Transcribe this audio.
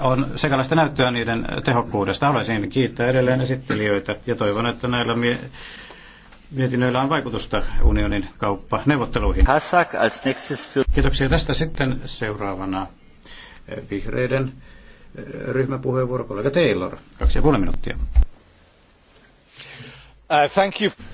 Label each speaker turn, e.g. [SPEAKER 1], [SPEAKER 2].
[SPEAKER 1] on sekalaista näyttöä niiden tehokkuudesta. Haluaisin kiittää edelleen esittelijöitä ja toivon, että näillä mie- mietinnöillä on vaikutusta unionin kauppaneuvotteluihin. Kiitoksia tästä sitten seuraavana eh, vihreiden eh, ryhmäpuheenvuoro kollega Taylor. Kaksi ja puoli minuuttia.
[SPEAKER 2] Uh, thank you.